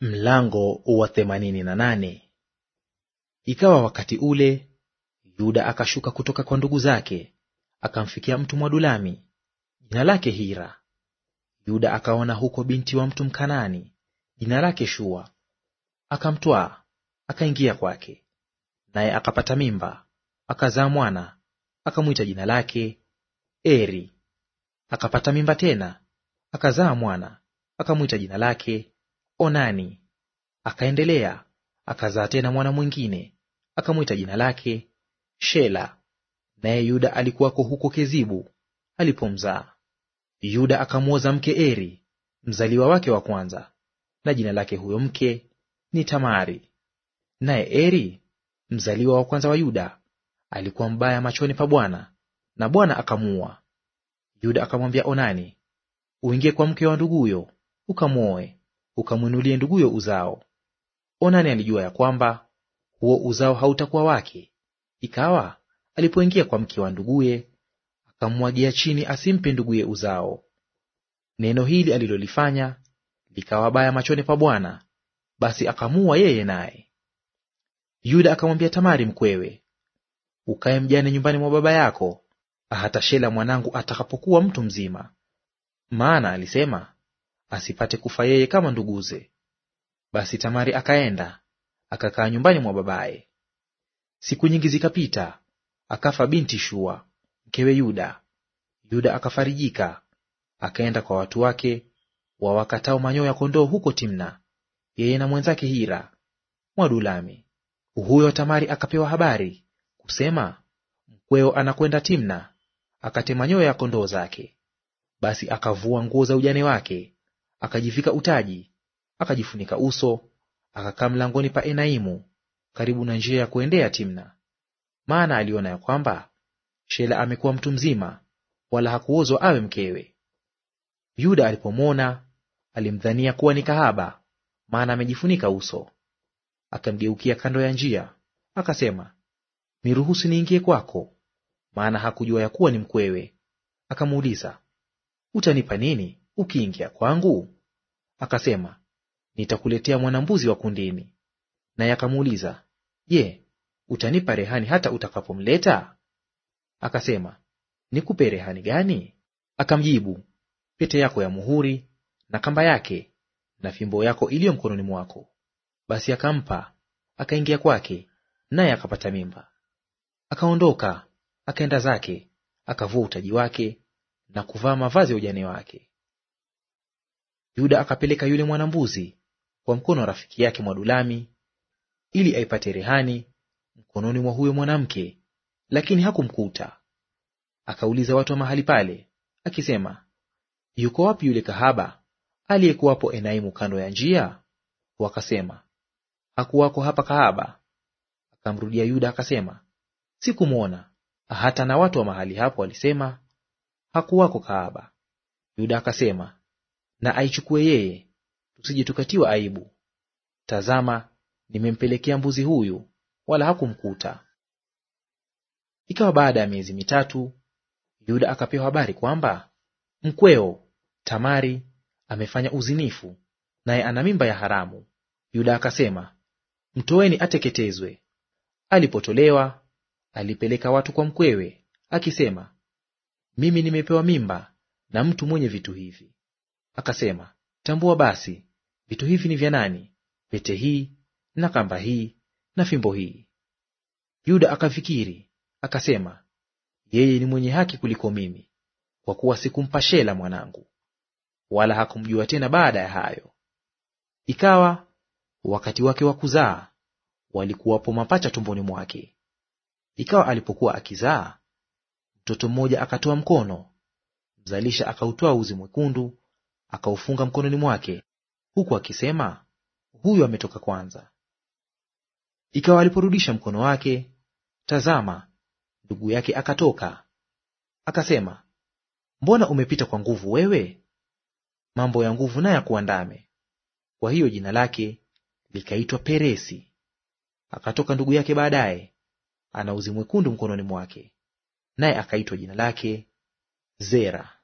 Mlango wa themanini na nane. Ikawa wakati ule Yuda akashuka kutoka kwa ndugu zake, akamfikia mtu Mwadulami jina lake Hira. Yuda akaona huko binti wa mtu mkanani jina lake Shua, akamtwaa akaingia kwake, naye akapata mimba, akazaa mwana, akamwita jina lake Eri. Akapata mimba tena, akazaa mwana, akamwita jina lake Onani. Akaendelea akazaa tena mwana mwingine, akamwita jina lake Shela. Naye Yuda alikuwako huko Kezibu alipomzaa. Yuda akamwoza mke Eri, mzaliwa wake wa kwanza, na jina lake huyo mke ni Tamari. Naye Eri, mzaliwa wa kwanza wa Yuda, alikuwa mbaya machoni pa Bwana, na Bwana akamuua. Yuda akamwambia Onani, uingie kwa mke wa nduguyo ukamwoe, ukamwinulie nduguyo uzao. Onani alijua ya kwamba huo uzao hautakuwa wake, ikawa alipoingia kwa mke wa nduguye akamwagia chini, asimpe nduguye uzao. Neno hili alilolifanya likawa baya machoni pa Bwana, basi akamua yeye naye. Yuda akamwambia Tamari mkwewe, ukae mjane nyumbani mwa baba yako hata Shela mwanangu atakapokuwa mtu mzima, maana alisema asipate kufa yeye kama nduguze. Basi Tamari akaenda akakaa nyumbani mwa babaye. Siku nyingi zikapita, akafa binti Shua mkewe Yuda. Yuda akafarijika, akaenda kwa watu wake wawakatao manyoya ya kondoo huko Timna, yeye na mwenzake Hira Mwadulami. Huyo Tamari akapewa habari kusema, mkweo anakwenda Timna akate manyoya ya kondoo zake. Basi akavua nguo za ujane wake akajivika utaji, akajifunika uso, akakaa mlangoni pa Enaimu karibu na njia ya kuendea Timna, maana aliona ya kwamba Shela amekuwa mtu mzima, wala hakuozwa awe mkewe. Yuda alipomwona alimdhania kuwa ni kahaba, maana amejifunika uso. Akamgeukia kando ya njia, akasema, niruhusu niingie kwako, maana hakujua ya kuwa ni mkwewe. Akamuuliza, utanipa nini? ukiingia kwangu? Akasema, nitakuletea mwanambuzi wa kundini. Naye akamuuliza, je, utanipa rehani hata utakapomleta? Akasema, nikupe rehani gani? Akamjibu, pete yako ya muhuri na kamba yake na fimbo yako iliyo mkononi mwako. Basi akampa, akaingia kwake, naye akapata mimba. Akaondoka akaenda zake, akavua utaji wake na kuvaa mavazi ya ujane wake. Yuda akapeleka yule mwanambuzi kwa mkono wa rafiki yake Mwadulami ili aipate rehani mkononi mwa huyo mwanamke, lakini hakumkuta. Akauliza watu wa mahali pale akisema, yuko wapi yule kahaba aliyekuwapo Enaimu kando ya njia? Wakasema, hakuwako hapa kahaba. Akamrudia Yuda akasema, sikumwona. Hata na watu wa mahali hapo walisema, hakuwako kahaba. Yuda akasema, na aichukue yeye, tusije tukatiwa aibu. Tazama, nimempelekea mbuzi huyu, wala hakumkuta. Ikawa baada ya miezi mitatu, Yuda akapewa habari kwamba mkweo Tamari amefanya uzinifu, naye ana mimba ya haramu. Yuda akasema, mtoeni ateketezwe. Alipotolewa, alipeleka watu kwa mkwewe akisema, mimi nimepewa mimba na mtu mwenye vitu hivi. Akasema, tambua basi vitu hivi ni vya nani, pete hii na kamba hii na fimbo hii. Yuda akafikiri akasema, yeye ni mwenye haki kuliko mimi, kwa kuwa sikumpa Shela mwanangu. Wala hakumjua tena baada ya hayo. Ikawa wakati wake wa kuzaa walikuwapo mapacha tumboni mwake. Ikawa alipokuwa akizaa, mtoto mmoja akatoa mkono, mzalisha akautoa uzi mwekundu, akaufunga mkononi mwake, huku akisema, huyu ametoka kwanza. Ikawa aliporudisha mkono wake, tazama, ndugu yake akatoka. Akasema, mbona umepita kwa nguvu wewe? Mambo ya nguvu na ya kuandame. Kwa hiyo jina lake likaitwa Peresi. Akatoka ndugu yake baadaye, ana uzi mwekundu mkononi mwake, naye akaitwa jina lake Zera.